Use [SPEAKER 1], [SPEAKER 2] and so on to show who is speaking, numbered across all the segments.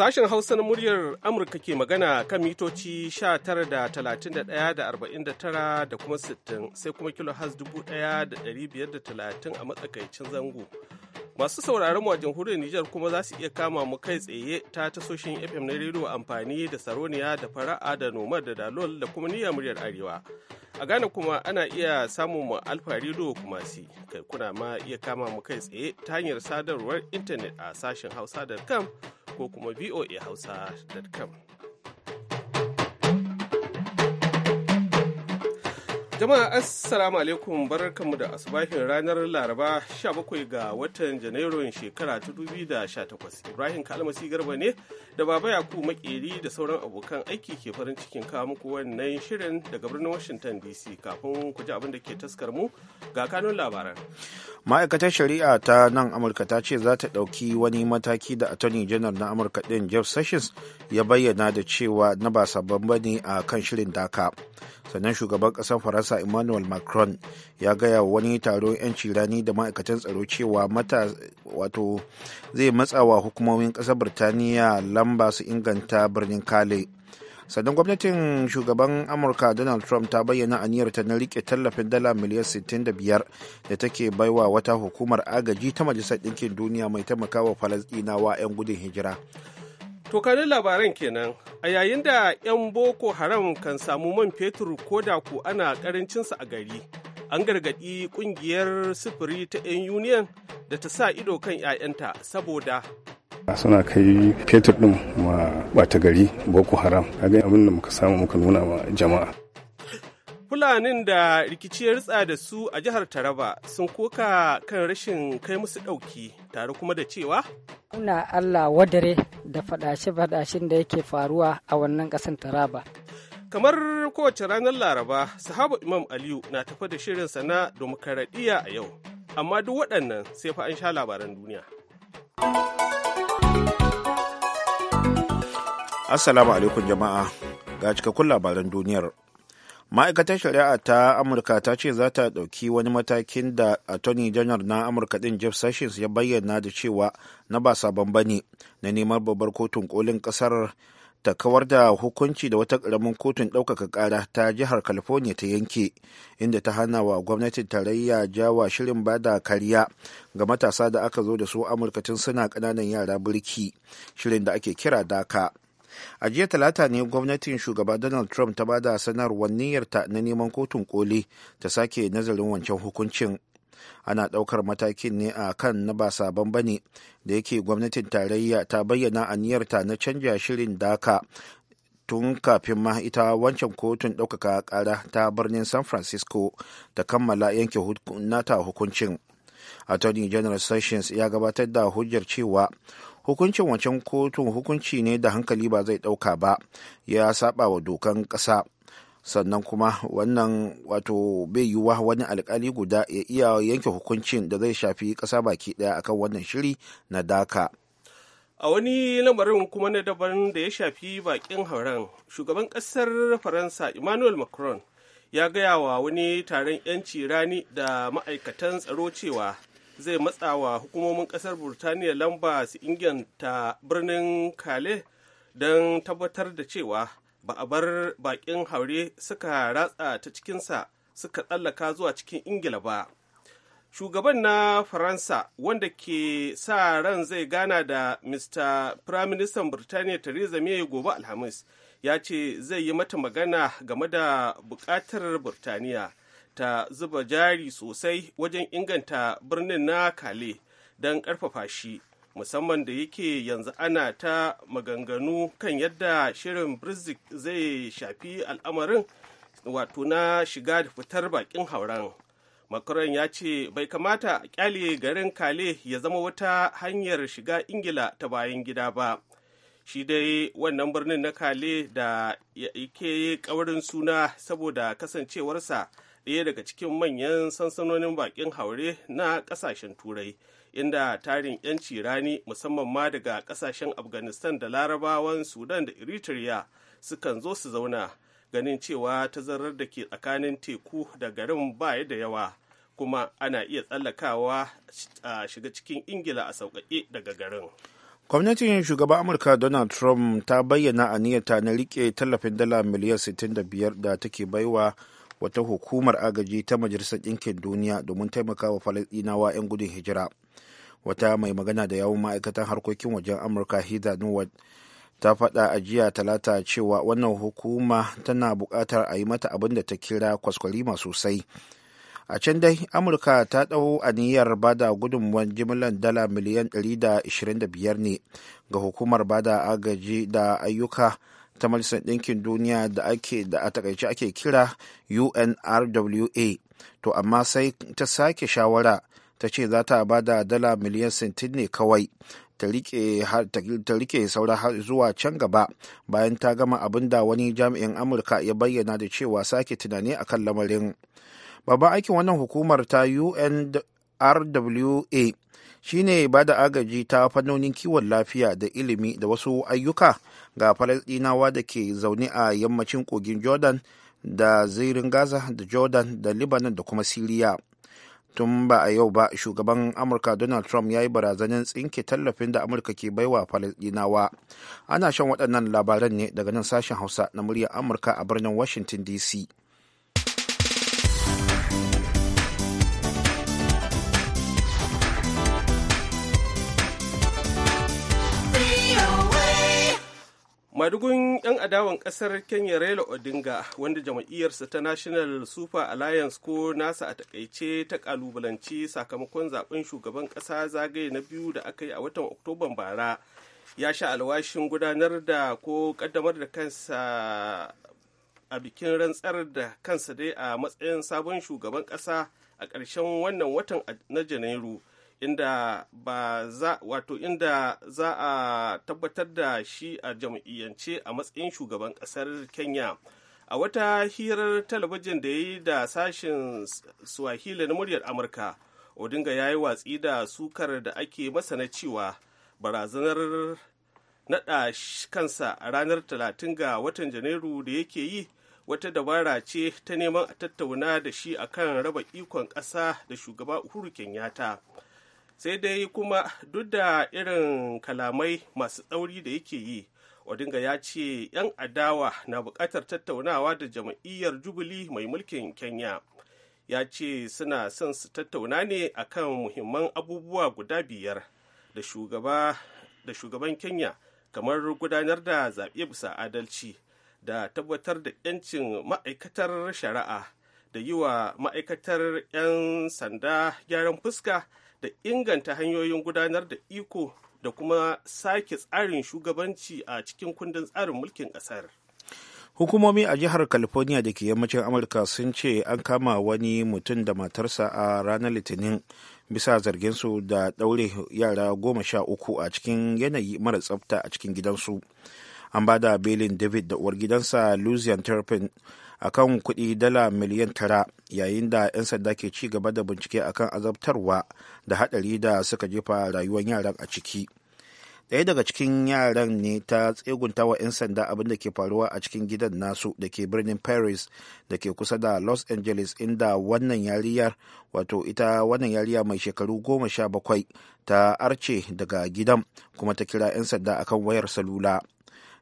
[SPEAKER 1] Sashen Hausa na muryar Amurka ke magana kan mitoci 19 da 31 da 49 da kuma 60 sai kuma kilo has 1530 a matsakaicin zango. Masu sauraron mu a jamhuriyar Nijar kuma za su iya kama mu kai tsaye ta tasoshin FM na rediyo amfani da Saroniya da Fara'a da Nomad da Dalol da kuma Niyya muryar Arewa. A Ghana kuma ana iya samun mu Alfa Radio kuma si, kai kuna ma iya kama mu kai tsaye ta hanyar sadarwar intanet a sashen hausa.com ko kuma voa voahausa.com. Jama'a Assalamu alaikum barkanmu da asubahin ranar Laraba 17 ga watan Janairun shekara ta 2018. Ibrahim Kalmasi Garba ne da Baba Yaku Makeri da sauran abokan aiki ke farin cikin kawo muku wannan shirin daga birnin Washington DC kafin ku ji abin da ke taskar mu ga kanun labaran.
[SPEAKER 2] Ma'aikatar shari'a ta nan Amurka ta ce za ta ɗauki wani mataki da Attorney General na Amurka din Jeff Sessions ya bayyana da cewa na ba sabon bane a kan shirin daka. sannan shugaban ƙasar faransa emmanuel macron ya gaya wa wani taron 'yanci rani da ma'aikatan tsaro cewa mata wato zai wa hukumomin ƙasar birtaniya lamba su inganta birnin kale sannan gwamnatin shugaban amurka donald trump ta bayyana aniyarta na rike tallafin dala miliyan 65 da take baiwa wata hukumar agaji ta majalisar ɗinkin duniya mai taimakawa falasɗinawa 'yan gudun hijira
[SPEAKER 1] Tokarin labaran kenan a yayin da 'yan Boko Haram kan samu man fetur ko da ku ana karancinsa a gari. An gargaɗi ƙungiyar sufuri ta 'yan union da ta sa ido kan 'ya'yanta saboda
[SPEAKER 3] suna kai fetur ɗin ma ɓata gari boko haram kaga abin da muka samu muka nuna ma jama'a
[SPEAKER 1] fulanin da rikiciyar ya da su a jihar taraba sun koka kan rashin kai musu ɗauki tare kuma da cewa
[SPEAKER 4] muna Allah wadare da fadashe-fadashen da yake faruwa a wannan ƙasar Taraba.
[SPEAKER 1] Kamar kowace ranar Laraba, sahabu Imam Aliyu na tafa da shirinsa na demokaradiyya a yau, amma duk waɗannan sai fa an sha labaran duniya.
[SPEAKER 2] Assalamu alaikum jama'a, ga cikakkun labaran duniyar. ma'aikatar shari'a ta amurka ta ce za ta ɗauki wani matakin da attorney general na amurka ɗin jeff sessions ya bayyana da cewa na ba sabon bane na neman babbar kotun kolin ƙasar ta kawar da hukunci da wata ƙaramin kotun ɗaukaka ƙara ta jihar california ta yanke inda ta hana wa gwamnatin tarayya jawa shirin ba da kariya ga matasa da aka zo da su amurka tun suna ƙananan yara birki shirin da ake kira daka a jiya talata ne gwamnatin shugaba donald trump ta bada sanarwar niyyarta na neman kotun koli ta sake nazarin wancan hukuncin ana ɗaukar matakin ne a kan na ba sabon bane da yake gwamnatin tarayya ta bayyana a niyyarta na canja shirin daka tun kafin ma ita wancan kotun ɗaukaka ƙara ta birnin san francisco ta kammala yanke nata hukuncin attorney general sessions ya gabatar da hujjar cewa hukuncin wancan kotun hukunci ne da hankali ba zai ɗauka ba ya saba wa dokan ƙasa sannan kuma wannan wato bai yiwuwa wani alkali guda ya iya yanke hukuncin da zai shafi ƙasa baki ɗaya akan wannan shiri na daka
[SPEAKER 1] a wani lamarin kuma na daban da ya shafi bakin hauren shugaban ƙasar faransa emmanuel macron ya gaya wa wani taron 'yanci rani da ma'aikatan tsaro cewa zai matsawa hukumomin kasar burtaniya lamba su inganta birnin kale don tabbatar da cewa ba a bar bakin haure suka ratsa ta cikinsa suka tsallaka zuwa cikin ingila ba shugaban na faransa wanda ke sa ran zai gana da mr firaministan birtaniya theresa may gobe alhamis ya ce zai yi mata magana game da bukatar burtaniya ta zuba jari sosai wajen inganta birnin na kale don ƙarfafa shi musamman da yake yanzu ana ta maganganu kan yadda shirin brexit zai shafi al'amarin wato na shiga da fitar bakin hauren makaron ya ce bai kamata a kyale garin kale ya zama wata hanyar shiga ingila ta bayan gida ba shi dai wannan birnin na kale da yake kawarin suna saboda kasancewarsa ɗaya daga cikin manyan sansanonin bakin haure na ƙasashen turai inda tarin 'yanci rani musamman ma daga ƙasashen afghanistan da larabawan sudan da eritrea sukan zo su zauna ganin cewa ta zarar da ke tsakanin teku da garin baya da yawa kuma ana iya tsallakawa a shiga cikin ingila a sauƙaƙe daga garin
[SPEAKER 2] gwamnatin shugaban amurka donald trump ta bayyana a aniyarta na rike tallafin dala miliyan 65 da take baiwa wata hukumar agaji ta majalisar ɗinkin duniya domin taimakawa falasɗinawa 'yan gudun hijira wata mai magana da yawon ma'aikatan harkokin wajen amurka heather nowat ta faɗa a jiya talata cewa wannan hukuma tana buƙatar a yi mata abin da ta kira kwaskwalima sosai a can dai amurka ta ɗau aniyar bada gudunmuwan jimillar dala miliyan 125 ne ga hukumar bada agaji da ayyuka ta majalisar ɗinkin duniya da ake da a takaice ake kira unrwa to amma sai ta sake shawara ta ce za ta ba da dala miliyan 60 ne kawai ta rike saura zuwa can gaba bayan ta gama abin da wani jami'in amurka ya bayyana da cewa sake tunani akan lamarin babban aikin wannan hukumar ta unrwa shine ba da agaji ta fannonin kiwon lafiya da ilimi da wasu ayyuka ga falasɗinawa da ke zaune a yammacin kogin jordan da zirin gaza da jordan da libanon da kuma siriya tun ba a yau ba shugaban amurka donald trump ya yi barazanin tsinke tallafin da amurka ke baiwa falasɗinawa ana shan waɗannan labaran ne daga nan sashen hausa na muryar amurka a birnin washington dc
[SPEAKER 1] madugun 'yan adawan kasar kenya raila odinga wanda jam'iyyarsa ta national super alliance ko nasa a takaice ta kalubalanci sakamakon zaben shugaban kasa zagaye na biyu da aka yi a watan oktoban bara ya sha alwashin gudanar da ko kaddamar da kansa a bikin rantsar da kansa dai a matsayin sabon shugaban kasa a ƙarshen wannan watan na janairu inda ba za wato inda za a tabbatar da shi a jam'iyyance a matsayin shugaban ƙasar kenya a wata hirar talabijin da ya yi da sashen swahili na muryar amurka odinga ya yi watsi da sukar da ake masana cewa barazanar naɗa kansa a ranar 30 ga watan janairu da yake yi wata dabara ce ta neman a tattauna da shi akan raba ikon ƙasa da shugaba uhuru kenyatta sai dai kuma duk da irin kalamai masu tsauri da yake yi odinga ya ce 'yan adawa na buƙatar tattaunawa da jam'iyyar jubili mai mulkin kenya ya ce suna son su tattauna ne akan muhimman abubuwa guda biyar da shugaban kenya kamar gudanar da zaɓe bisa adalci da tabbatar da 'yancin ma'aikatar shari'a da yi wa ma'aikatar 'yan sanda gyaran fuska da inganta hanyoyin gudanar da iko da kuma sake tsarin shugabanci a cikin kundin tsarin mulkin ƙasar.
[SPEAKER 2] hukumomi a jihar california da ke yammacin amurka sun ce an kama wani mutum da matarsa a ranar litinin bisa zarginsu da ɗaure yara goma sha uku a cikin yanayi mara tsafta a cikin gidansu an ba da belin david da uwar gidansa lucian turpin a kan kuɗi dala miliyan tara yayin da 'yan sanda ke ci gaba da bincike akan azabtarwa da hadari da suka jefa rayuwar yaran a ciki ɗaya daga cikin yaran ne ta tsegunta wa 'yan sanda abin da ke faruwa a cikin gidan nasu da ke birnin paris da ke kusa da los angeles inda wannan yariyar wato ita wannan yariya mai shekaru goma sha bakwai ta arce daga gidan kuma ta kira 'yan sanda akan wayar salula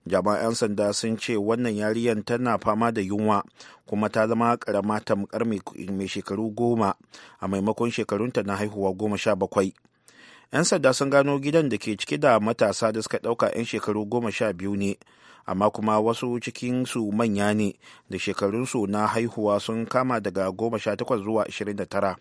[SPEAKER 2] jama'an sanda sun ce wannan yariyan tana fama da yunwa kuma ta zama karama tamkar mai shekaru goma a maimakon shekarunta na haihuwa goma sha bakwai yan sanda sun gano gidan da ke cike da matasa da suka ɗauka 'yan shekaru goma sha biyu ne amma kuma wasu cikinsu manya ne da shekarunsu na haihuwa sun kama daga goma sha takwas zuwa ashirin da tara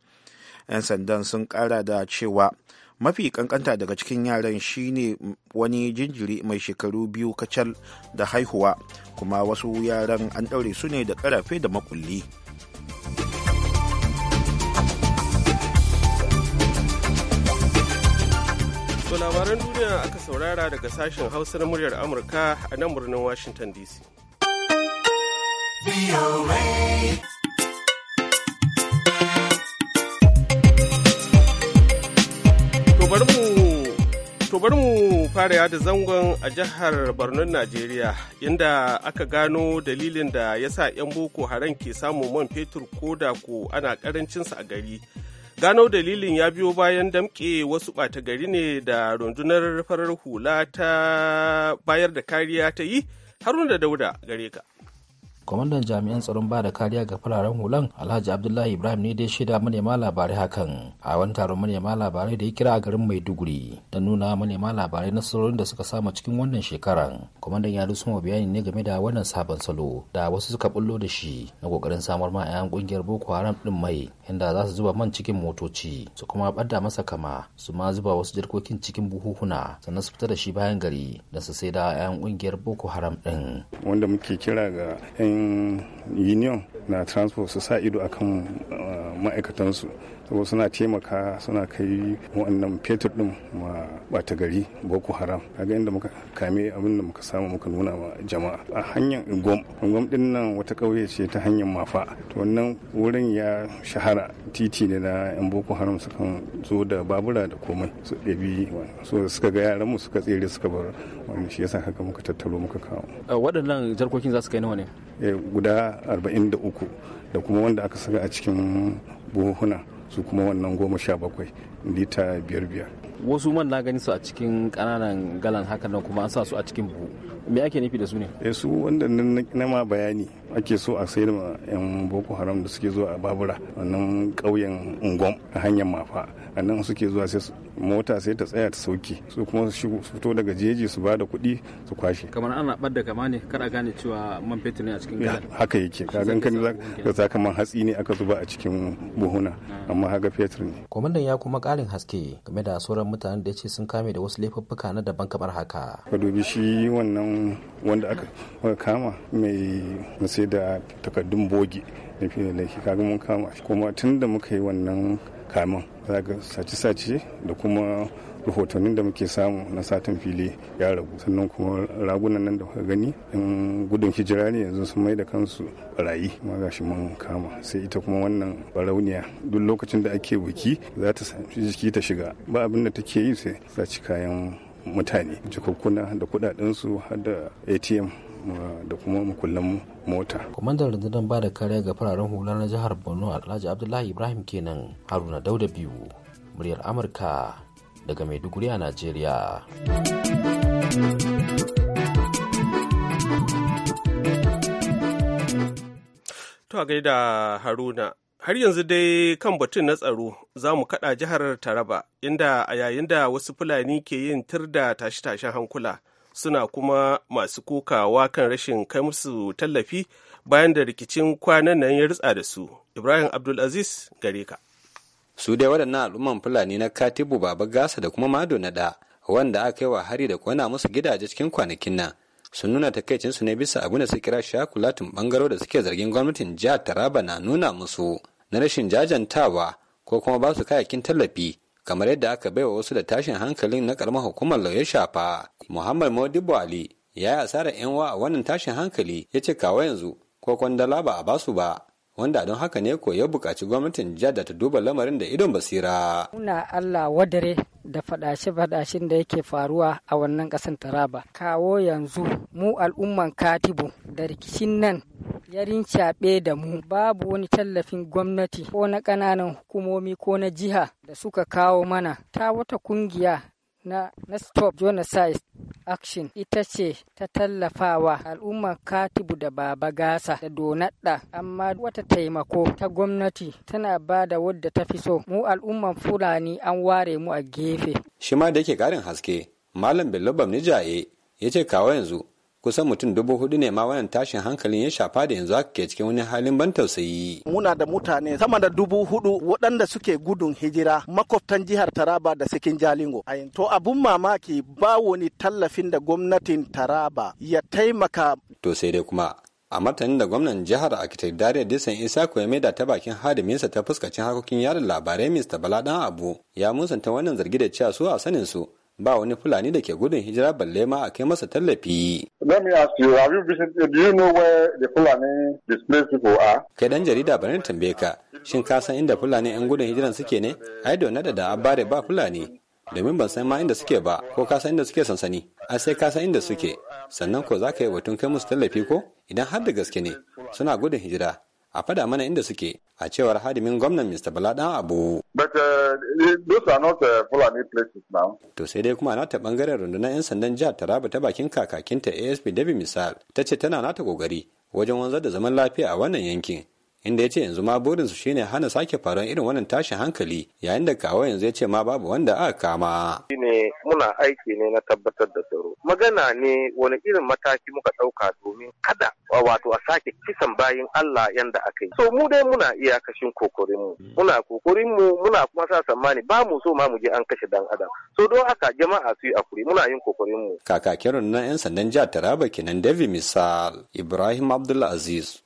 [SPEAKER 2] 'yan sandan sun ƙara da cewa mafi kankanta daga cikin yaran shine wani jinjiri mai shekaru biyu kacal da haihuwa kuma wasu yaran an ɗaure su ne da ƙarafe da makulli
[SPEAKER 1] To labaran duniya aka saurara daga sashen hausar muryar amurka a nan birnin washington dc mu to bari mu fara yada zangon a jihar Barnon Najeriya inda aka gano dalilin da ya sa 'yan boko haram ke samu man fetur ko da ko ana karancinsa a gari. Gano dalilin ya biyo bayan damƙe wasu ɓata gari ne da rundunar farar hula ta bayar da kariya ta yi haruna da dauda gare ka.
[SPEAKER 4] kwamandan jami'an tsaron ba da kariya ga fararen hulan alhaji abdullahi ibrahim ne dai shaida manema labarai hakan
[SPEAKER 1] a wani taron manema
[SPEAKER 4] labarai da ya kira a garin maiduguri da nuna manema labarai na nasarorin da suka samu cikin wannan shekaran kwamandan ya rusuma bayani ne game da wannan sabon salo da wasu suka bullo da shi na kokarin samar ma 'yan kungiyar boko haram din mai inda za su zuba man cikin motoci su kuma bada masa kama su ma zuba wasu jarkokin cikin buhuhuna sannan su fita da shi bayan gari da su sai da
[SPEAKER 3] 'yan kungiyar boko haram din. wanda muke kira ga 'yan union na transport su sa ido akan uh, ma'aikatansu saboda suna taimaka suna kai wannan fetur din ma bata gari boko haram kaga inda muka kame abin da muka samu muka nuna ma jama'a a hanyar ingom ingom din nan wata kauye ce ta hanyar mafa to wannan wurin ya shahara titi ne na yan boko haram sukan zo da babura da komai su ɗabi so suka ga yaran mu suka tsere suka bar wani shi yasa haka muka tattaro muka kawo
[SPEAKER 4] waɗannan jarkokin za su kai nawa ne
[SPEAKER 3] eh, guda 43 da kuma wanda aka saka a cikin buhuhuna su kuma wannan goma sha bakwai lita biyar
[SPEAKER 4] biyar wasu man na gani su a cikin kananan galan haka nan kuma an sa su a cikin buhu me ake nufi da su ne
[SPEAKER 3] eh su wanda na ma bayani ake so a sayar ma yan boko haram da suke zuwa a babura wannan kauyen ungom a hanyar mafa a nan suke zuwa sai mota sai ta tsaya ta sauke su kuma su fito daga jeji su ba da kuɗi su kwashe kamar
[SPEAKER 4] ana ɓadda kama ne kada gane cewa man fetur ne a cikin galan
[SPEAKER 3] haka yake ka gan kan da sakamakon hatsi ne aka zuba a cikin buhuna ah. amma haka fetur ne
[SPEAKER 4] kwamandan ya kuma ƙarin haske game da sauran mutanen da ya ce sun kame da wasu laifuffuka na daban kamar haka
[SPEAKER 3] ka dubi shi wannan wanda aka kama mai sai da takardun bogi da fiye da laifi kaga mun kama kuma tun da muka yi wannan kamun sace-sace da kuma rahotannin da muke samu na satin fili ya ragu sannan kuma ragunan nan da kuka gani in gudun hijira ne yanzu sun mai da kansu barayi ma gashi mun kama sai ita kuma wannan barauniya duk lokacin da ake buki za ta sami jiki ta shiga ba abin da take yi sai sace kayan mutane jakakkuna da kudaden su har da atm da kuma mukullan mota.
[SPEAKER 4] Kwamandan rundunar ba da kariya ga fararen hula na jihar Borno Alhaji Abdullahi Ibrahim kenan Haruna Dauda biyu muryar Amurka daga Maiduguri a Najeriya.
[SPEAKER 1] To a gaida Haruna har yanzu dai kan batun na tsaro za mu kaɗa jihar Taraba inda a yayin da wasu Fulani ke yin tir da tashe-tashen hankula suna kuma masu kukawa kan rashin kai musu tallafi bayan da rikicin kwanan nan ya ritsa da su ibrahim abdulaziz gare ka su dai waɗannan al'umman fulani na
[SPEAKER 5] katibu baba gasa da kuma mado na da wanda aka yi wa hari da kwana musu gidaje cikin kwanakin nan sun nuna takaicinsu ne bisa abin da su kira shakulatin bangaro da suke zargin gwamnatin jihar taraba na nuna musu na rashin jajantawa ko kuma ba su kayakin tallafi kamar yadda aka baiwa wasu da tashin hankalin na karamar hukumar lauya shafa muhammad modibo ali ya yi asarar yan wa a wannan tashin hankali ya ce kawo yanzu ko kwandala ba a basu ba wanda don haka ne ko ya buƙaci gwamnatin jihar da ta duba lamarin da idon basira.
[SPEAKER 4] Muna Allah wadare da fadashe-fadashen da yake faruwa a wannan ƙasan Taraba. Kawo yanzu mu al'umman Katibu da rikicin nan yarin cabe da mu babu wani tallafin gwamnati ko na ƙananan hukumomi ko na jiha da suka kawo mana ta wata kungiya na, Nestop stop genocide action ita ce ta tallafawa al'ummar katibu da baba gasa da donadda amma wata taimako ta gwamnati tana ba da wadda ta fi so mu al'ummar fulani an ware mu a gefe
[SPEAKER 5] shi ma da yake karin haske malam bello bamni jaye ya ce kawo yanzu kusan mutum dubu hudu ne ma wayan tashin hankalin ya shafa da yanzu haka ke cikin wani halin ban tausayi.
[SPEAKER 6] Muna da mutane sama da dubu hudu waɗanda suke gudun hijira makwabtan jihar Taraba da Sikin Jalingo. To abun mamaki ba wani tallafin da gwamnatin
[SPEAKER 5] Taraba ya taimaka. To sai dai kuma a martanin da gwamnan jihar akitar dariya disan isa ya da ta bakin hadiminsa ta fuskacin harkokin yaron labarai mr bala dan abu ya musanta wannan zargi da cewa su a sanin su ba wani fulani da ke gudun hijira balle ma a kai masa tallafi. Let me ask you, have you visited, do you know Fulani displaced people are? Kai dan jarida bari tambaye ka, shin ka san inda Fulani 'yan gudun hijiran suke ne? Ai don nada da abare ba Fulani. Domin ban san ma inda suke ba, ko ka san inda suke sansani, a sai ka san inda suke, sannan ko za ka yi batun kai musu tallafi ko? Idan har da gaske ne, suna gudun hijira, a fada mana inda suke a cewar hadimin gwamnan Mr. Bala dan Abu. But uh,
[SPEAKER 7] those are not uh, Fulani places now.
[SPEAKER 5] To sai dai kuma nata bangaren rundunar 'yan sandan jihar Taraba ta bakin kakakinta ASP Dabi Misal ta ce tana nata kokari wajen wanzar da zaman lafiya a wannan yankin. inda ya ce yanzu ma burinsu shine hana sake faruwar irin wannan tashin hankali yayin da kawo yanzu ya ce ma babu wanda aka kama.
[SPEAKER 6] Shine muna aiki ne na tabbatar da tsaro. Magana ne wani irin mataki muka ɗauka domin kada wato a sake kisan bayin Allah yanda aka yi. So mu dai muna kashin kokorin mu. Hmm. Muna kokorin muna kuma sa tsammani ba mu so ma mu je an kashe dan adam. So don haka jama'a su yi akuri muna yin kokorin mu.
[SPEAKER 5] Kakakin na 'yan sandan jihar Taraba kenan David Misal Ibrahim Abdulaziz.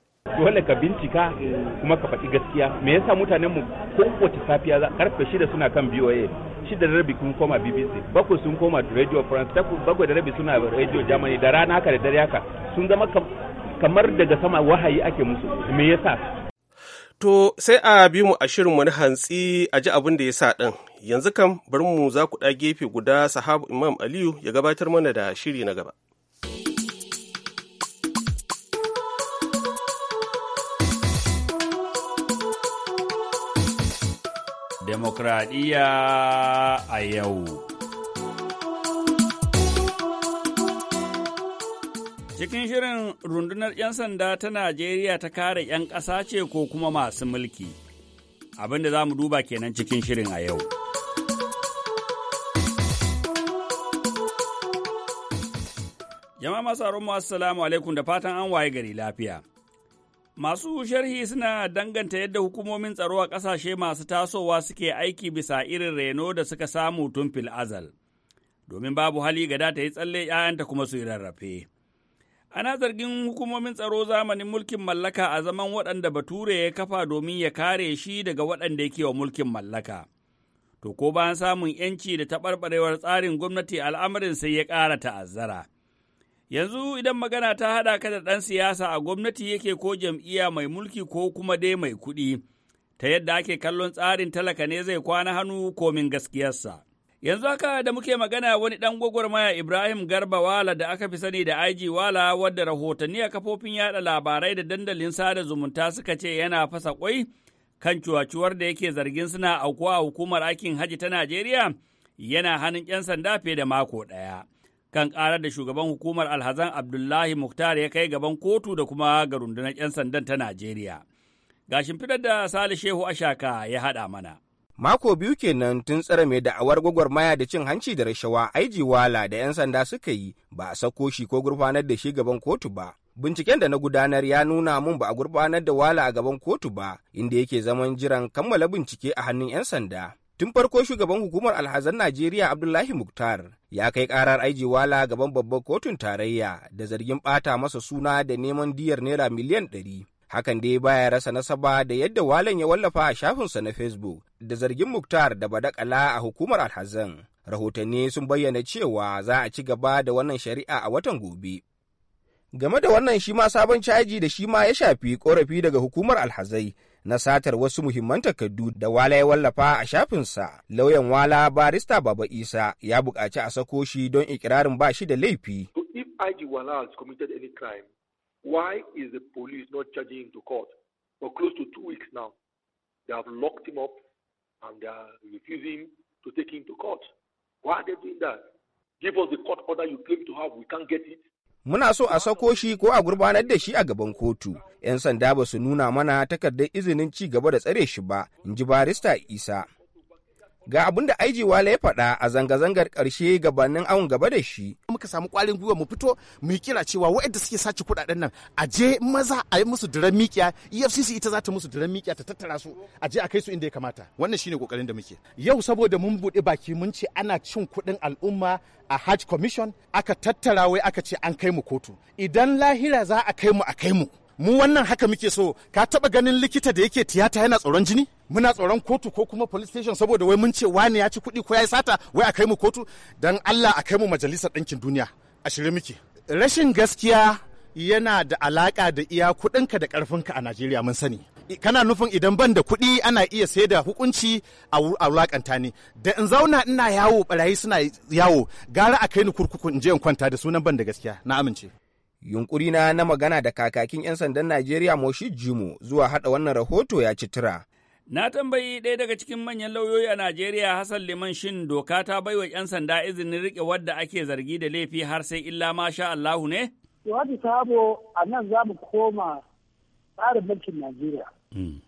[SPEAKER 6] dole ka bincika eh, kuma ka faɗi gaskiya me yasa mutanen mu kowace safiya za karfe shida suna kan BOA shida da rabi kun koma BBC bakwai sun koma Radio France bakwai da rabi suna Radio Germany da rana haka da dare haka sun zama kamar daga sama wahayi ake musu me yasa
[SPEAKER 1] To sai a bi mu a shirin wani hantsi a ji abin da ya sa ɗin. Yanzu kam bari mu za ku ɗa gefe guda sahabu Imam Aliyu ya gabatar mana da shiri na gaba.
[SPEAKER 7] demokradiyya a yau. Cikin shirin rundunar 'yan sanda ta Najeriya ta kare 'yan ƙasa ce ko kuma masu mulki. Abin da za mu duba kenan cikin shirin a yau. Jama'a masu mu assalamu alaikum da fatan an waye gari lafiya. Masu sharhi suna danganta yadda hukumomin tsaro a ƙasashe masu tasowa suke aiki bisa irin reno da suka samu tun fil azal, domin babu hali gada ta yi tsalle ‘ya'yanta kuma su yi rarrafe. Ana zargin hukumomin tsaro zamanin mulkin mallaka a zaman waɗanda Bature ya kafa domin ya kare shi daga waɗanda yake wa mulkin mallaka. To, ko bayan samun ‘yanci da taɓarɓarewar tsarin gwamnati al'amarin sai ya ƙara ta'azzara. Yanzu idan magana ta haɗa ka da ɗan siyasa a gwamnati yake ko jam'iyya mai mulki ko kuma dai mai kuɗi, ta yadda ake kallon tsarin talaka ne zai kwana hannu komin gaskiyarsa. Yanzu haka da muke magana wani ɗan gwagwarmaya Ibrahim Garba Wala da aka fi sani da IG Wala wadda rahotanni a kafofin yada labarai da dandalin sada zumunta suka ce yana fasa kwai kan cuwacuwar da yake zargin suna aukuwa hukumar aikin haji ta Najeriya yana hannun 'yan sanda fiye da mako ɗaya. kan ƙara da shugaban hukumar alhazan Abdullahi Muktar ya kai gaban kotu da kuma ga rundunar 'yan sandan ta Najeriya. Ga shimfidar da Sale Shehu Ashaka ya haɗa mana.
[SPEAKER 6] Mako biyu kenan tun tsare mai da'awar gwagwarmaya da cin hanci da rashawa aiji wala da 'yan sanda suka yi ba a sako shi ko gurfanar da shi gaban kotu ba. Binciken da na gudanar ya nuna mun ba a gurfanar da wala a gaban kotu ba, inda yake zaman jiran kammala bincike a hannun 'yan sanda. Tun farko shugaban hukumar alhazan Najeriya Abdullahi Muktar ya kai karar wala gaban babbar kotun tarayya da zargin bata masa suna da neman diyar naira miliyan ɗari. Hakan dai baya rasa nasaba da yadda walan ya wallafa a shafinsa na Facebook da zargin Muktar da badakala a hukumar alhazan. Rahotanni sun bayyana cewa za a ci gaba da wannan shari'a a watan gobe. Game da wannan shi ma sabon caji da shi ma ya shafi korafi daga hukumar alhazai na satar wasu muhimman takardu da Wala ya wallafa a shafinsa. Lauyan Wala barista Baba Isa ya buƙaci a sako shi don ikirarin ba shi da laifi.
[SPEAKER 8] If IG committed any crime, why is the police not charging him to court for close to two weeks now? They have locked him up and they are refusing to take him to court. Why are they doing that? Give us the court order you claim to have, we can't get it.
[SPEAKER 6] muna so a sako shi ko a gurbanar da shi a gaban kotu. 'Yan sanda ba su nuna mana takardar izinin ci gaba da tsare shi ba, in ji barista Isa. Ga abin da IG Wale ya faɗa a zanga-zangar ƙarshe gabanin awon gaba da shi. Muka samu ƙwarin gwiwa mu fito mu kira cewa waɗanda suke sace kuɗaɗen nan a je maza a yi musu diran mikiya EFCC ita za ta musu diran mikiya ta tattara su a je a kai su inda ya kamata. Wannan shine ƙoƙarin da muke. Yau saboda mun buɗe baki mun ce ana cin kuɗin al'umma a Hajj Commission aka tattara wai aka ce an kai mu kotu. Idan lahira za a kai mu a kai mu. mu wannan haka muke so ka taba ganin likita da yake tiyata yana tsoron jini muna tsoron kotu ko kuma police station saboda wai mun ce wani ya ci kuɗi ko ya yi sata wai a kai mu kotu dan Allah a kai mu majalisar ɗinkin duniya a shirye muke rashin gaskiya yana da alaka da iya kuɗinka da ƙarfinka a Najeriya mun sani kana nufin idan ban da kuɗi ana iya sai da hukunci a wulakanta ne da in zauna ina yawo barayi suna yawo gara a kai ni kurkuku in je in kwanta da sunan ban da gaskiya na amince Yunkurina na na magana da kakakin 'yan sandan Najeriya Moshi Jimo zuwa haɗa wannan rahoto ya ci tura.
[SPEAKER 7] Na tambayi ɗaya daga cikin manyan lauyoyi a Najeriya Hassan Liman shin doka ta bai wa 'yan sanda izinin riƙe wadda ake zargi da laifi har sai illa ma sha Allahu ne?
[SPEAKER 8] Wadi sabo a nan za mu koma tsarin mulkin Najeriya. Hmm.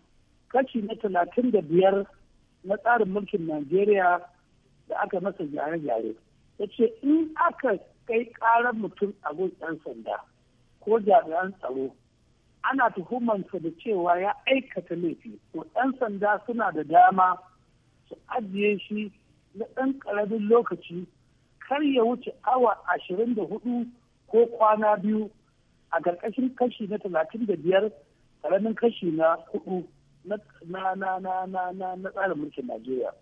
[SPEAKER 8] Kashi na talatin da biyar na tsarin mulkin Najeriya da aka masa gyare-gyare. Ya ce in aka kai karar mutum a 'yan sanda ko jami'an tsaro ana tuhumansa da cewa ya aikata laifi ko 'yan sanda suna da dama su ajiye shi na ɗan ƙaramin lokaci kar ya wuce awa ashirin da hudu ko kwana biyu a ƙarƙashin kashi na talatin da biyar ƙaramin kashi na hudu na tsarin mulkin najeriya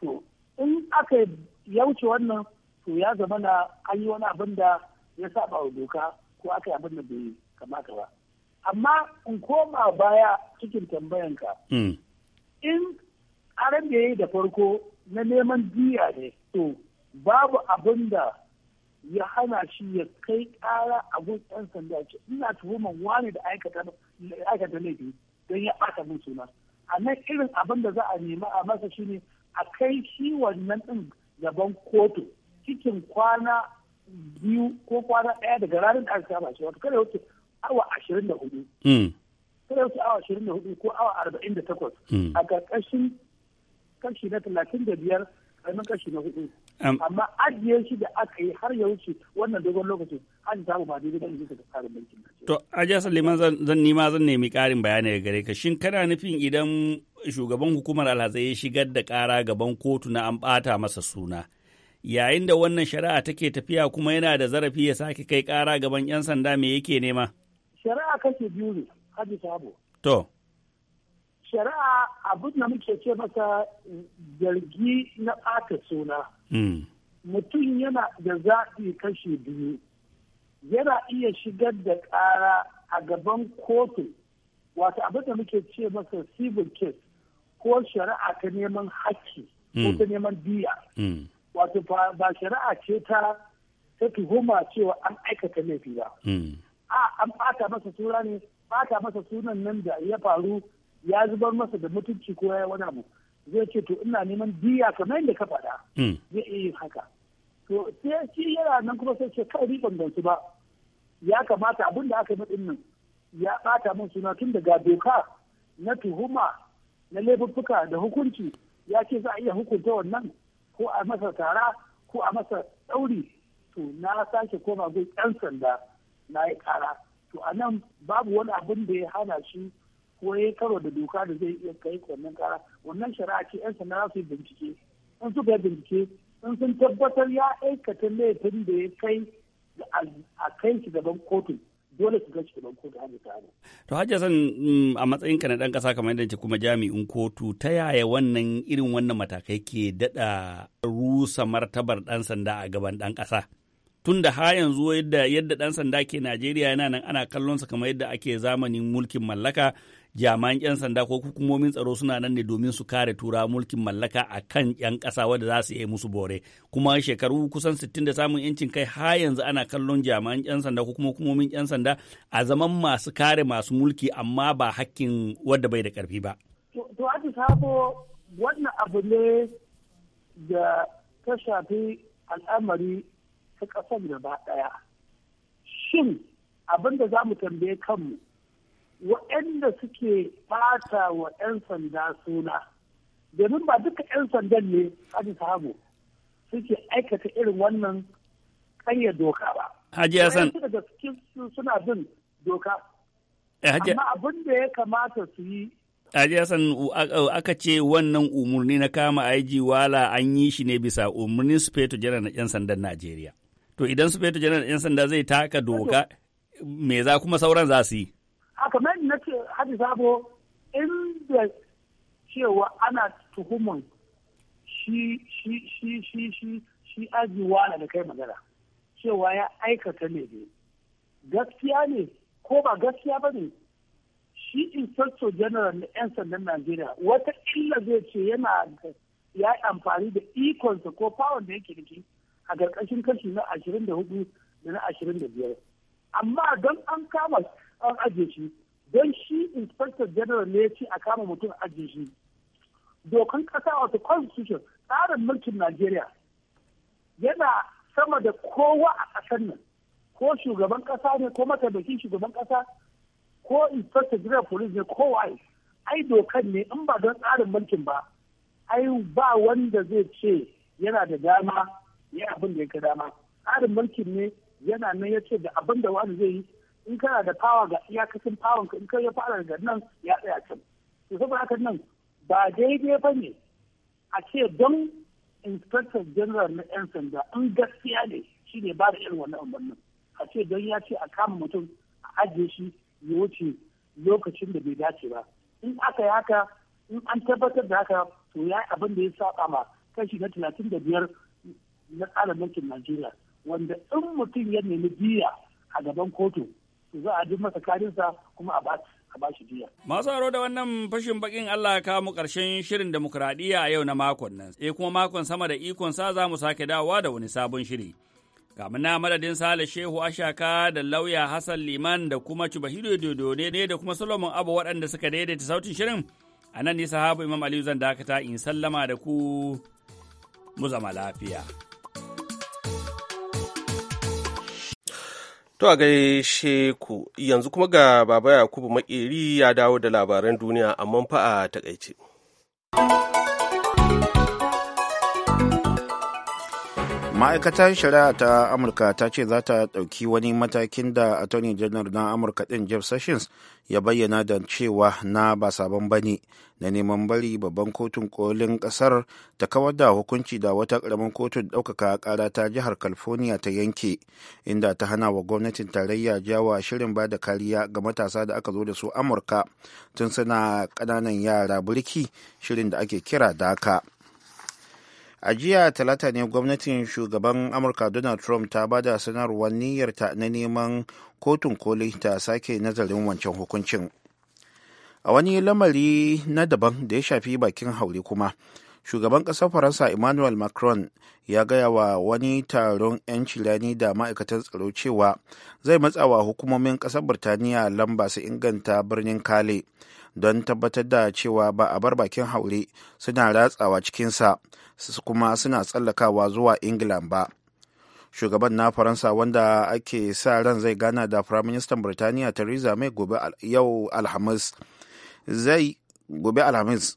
[SPEAKER 8] to in aka ya wuce wannan to ya zama na an yi wani abin da ya saba wa doka ko aka yi abin da bai kamata ba amma in koma baya cikin tambayanka hmm. in aran da ya yi da farko na neman diya ne to babu abin da ya hana shi ya kai kara a gun ɗan sanda ce ina tuhuman wani da aikata laifi don ya ɓata min suna a nan irin abin da za a nema a masa shine a kai shi wannan ɗin gaban kotu cikin kwana biyu ko kwana ɗaya daga ranar da aka saba shi wato kada wuce awa ashirin da hudu. Hmm. Kada wuce awa ashirin da hudu ko awa arba'in da takwas. Hmm. A ƙarƙashin kashi na talatin da biyar ƙaramin kashi na hudu. Um. Amma ajiye shi da aka yi har ya wuce wannan dogon lokacin an samu ba daidai ba ne daga tsarin mulkin
[SPEAKER 7] To Ajiya Suleiman zan nima zan nemi ƙarin bayani daga gare ka shin kana nufin idan shugaban hukumar alhazai ya shigar da ƙara gaban kotu na an ɓata masa suna yayin da wannan shari'a take tafiya kuma yana da zarafi ya sake kai ƙara gaban 'yan sanda me yake nema?
[SPEAKER 8] Shari'a kashe biyu ne, Haji Sabo. To. Shari'a abin da muke ce masa zargi na ɓata suna. Hmm. Mutum yana da zaɓi kashe biyu. Yana iya shigar da ƙara a gaban kotu. Wata abin da muke ce masa civil case ko shari'a ta neman hakki ko hmm. ta neman biya. Hmm. wato ba shari'a ce ta ta tuhuma cewa an aikata laifi ba hmm. a an bata masa sura ne bata masa sunan nan da ya faru ya zubar masa da mutunci ko ya wani abu zai ce to ina neman biya kamar yadda ka faɗa hmm. zai iya yin haka to sai shi yana nan kuma sai ce kai riban ba ya kamata abin da aka yi maɗin nan ya bata min suna tun daga doka na tuhuma na laifuffuka da hukunci ya ce za a iya hukunta wannan ko a masa tara ko a masa ɗauri to na sake koma gun yan sanda na yi kara to a nan babu wani abin da ya hana shi ko ya karo da doka da zai iya kai wannan kara wannan shari'a ce yan sanda za su bincike in suka yi bincike in sun tabbatar ya aikata laifin da ya kai a kai shi gaban kotun dole su gaci kotu
[SPEAKER 1] ta
[SPEAKER 7] To hajja san mm, a matsayin ka na ɗan ƙasa kamar yadda kuma jami'in kotu ta yaya wannan irin wannan matakai ke daɗa rusa martabar ɗan sanda a gaban ɗan ƙasa. Tun da ha yanzu yadda yadda ɗan sanda ke Najeriya yana nan ana kallonsa kamar yadda ake zamanin mulkin mallaka jami'an 'yan sanda ko hukumomin tsaro suna nan ne domin su kare tura mulkin mallaka a kan 'yan ƙasa wadda za su yi musu bore kuma shekaru kusan 60 da samun 'yancin kai har yanzu ana kallon jami'an 'yan sanda ko kuma hukumomin 'yan sanda a zaman masu kare masu mulki amma ba hakkin wadda bai da ƙarfi ba.
[SPEAKER 8] To a sabo wannan abu ne da ta shafi al'amari ta ƙasar gaba ɗaya. Shin abin da za mu tambaye kanmu waɗanda suke ɓata wa 'yan sanda suna domin ba duka 'yan sandan ne haji sahabu suke aikata irin wannan kanya doka ba haji hasan da suke suna bin doka eh, amma abin da ya kamata su yi
[SPEAKER 7] haji Hassan aka ce wannan umarni na kama aiji wala an yi shi ne bisa umarnin sufeto janar na 'yan sandan najeriya to idan sufeto janar na 'yan sanda zai taka doka me za kuma sauran za su yi
[SPEAKER 8] a mai na ce hadi sabo inda cewa ana tuhumun shi shi shi shi shi shi da kai magana cewa ya aikata ne gaskiya ne ko ba gaskiya ba ne shi inspector general na 'yan sandan najeriya wata illa zai ce yana ya yi amfani da ikonsa ko power da yake da a ƙarƙashin kashi na ashirin da hudu da na ashirin da biyar amma don an kama an ajiye shi don shi inspector general ne ya ce a kama mutum ajiye shi dokan kasa wato constitution tsarin mulkin najeriya yana sama da kowa a ƙasar nan ko shugaban ƙasa ne ko mataimakin shugaban ƙasa ko inspector general police ne ko wai ai dokan ne in ba don tsarin mulkin ba ai ba wanda zai ce yana da dama ya abin da ya ka dama tsarin mulkin ne yana nan ya ce da abin da wani zai yi in kana da fawa ga iyakacin fawon ka in kai ya fara daga nan ya tsaya can to saboda haka nan ba daidai ba ne a ce don inspector general na yan sanda in gaskiya ne shi ne ba da irin wannan umarnin a ce don ya ce a kama mutum a ajiye shi ya wuce lokacin da bai dace ba in aka yi haka in an tabbatar da haka to ya abin da ya saba ma kashi na talatin da biyar na tsarin mulkin najeriya wanda in mutum ya nemi biya a gaban kotu za a duk masa karinsa kuma a bashi a
[SPEAKER 7] Masu aro da wannan fashin bakin Allah ya kawo mu ƙarshen shirin demokuraɗiyya a yau na makon nan. E kuma makon sama da ikon sa za mu sake dawowa da wani sabon shiri. Kamun na madadin Sale Shehu Ashaka da lauya Hassan Liman da kuma Cibahiru Dodo ne da kuma Solomon Abu waɗanda suka daidaita sautin shirin. A nan ne sahabu Imam Aliyu zan dakata in sallama da ku mu zama lafiya.
[SPEAKER 1] To a gaishe ku yanzu kuma ga Baba Yakubu Makeri ya dawo da labaran duniya amma fa a takaice.
[SPEAKER 2] ma'aikatar shari'a ta amurka ta ce za ta ɗauki wani matakin da attorney general na amurka ɗin jeff sessions ya bayyana da cewa na ba sabon bane na neman bari babban kotun kolin ƙasar ta kawar da hukunci da wata ƙaramin kotun ɗaukaka ƙara ta jihar california ta yanke inda ta hana wa gwamnatin tarayya jawa shirin ba da kariya ga matasa da aka zo da su amurka tun suna ƙananan yara birki shirin da ake kira daka. a jiya talata ne gwamnatin shugaban amurka donald trump ta bada sanarwar niyyarta na neman kotun koli ta sake nazarin wancan hukuncin a wani lamari na daban da ya shafi bakin hauri kuma shugaban ƙasar faransa emmanuel macron ya gaya wa wani taron 'yan cilani da ma'aikatan tsaro cewa zai matsawa hukumomin ƙasar birtaniya lamba su inganta birnin kale don tabbatar da cewa ba a bar bakin haure suna ratsawa cikinsa su kuma suna tsallakawa zuwa ingila ba. Shugaban na Faransa wanda ake sa ran zai gana da Firaministan Birtaniya Theresa May gobe yau Alhamis zai gobe Alhamis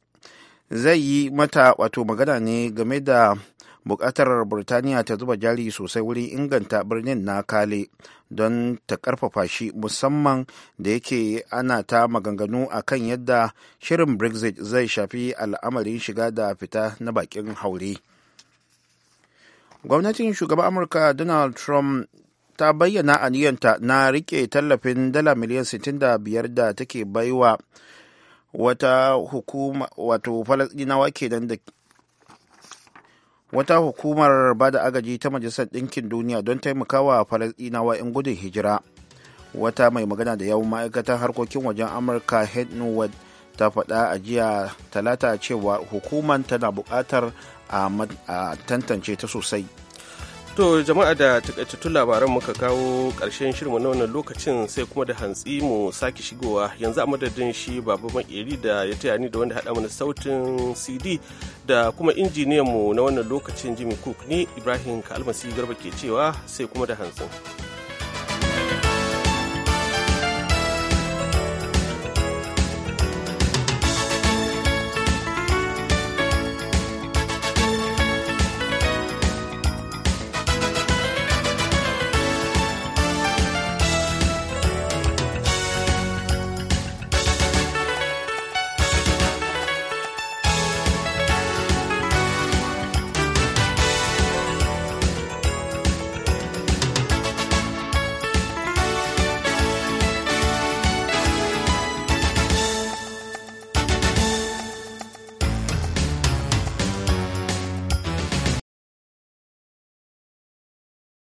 [SPEAKER 2] zai yi mata wato magana ne game da bukatar burtaniya ta zuba jari sosai wurin inganta birnin na kale don ta karfafa shi musamman da yake ana ta maganganu a kan yadda shirin brexit zai shafi al'amarin shiga da fita na bakin haure gwamnatin shugaban amurka donald trump ta bayyana a aniyanta na rike tallafin dala miliyan 65 da take baiwa wata hukuma wato falasdinawa kenan da wata hukumar ba da agaji ta majalisar ɗinkin duniya don taimakawa falasɗinawa in gudun hijira wata mai magana da yawan ma'aikatan harkokin wajen amurka hednwood ta faɗa a jiya talata cewa hukumar tana buƙatar a tantance ta sosai
[SPEAKER 1] To jama'a da takaitattun labaran muka kawo karshen shirin na wannan lokacin sai kuma da hantsi mu sake shigowa yanzu a madadin shi babu makeri da ya taya ni da wanda haɗa mana sautin CD da kuma injiniyan mu na wannan lokacin Jimmy Cook ni Ibrahim Kalmasi Garba ke cewa sai kuma da hantsin.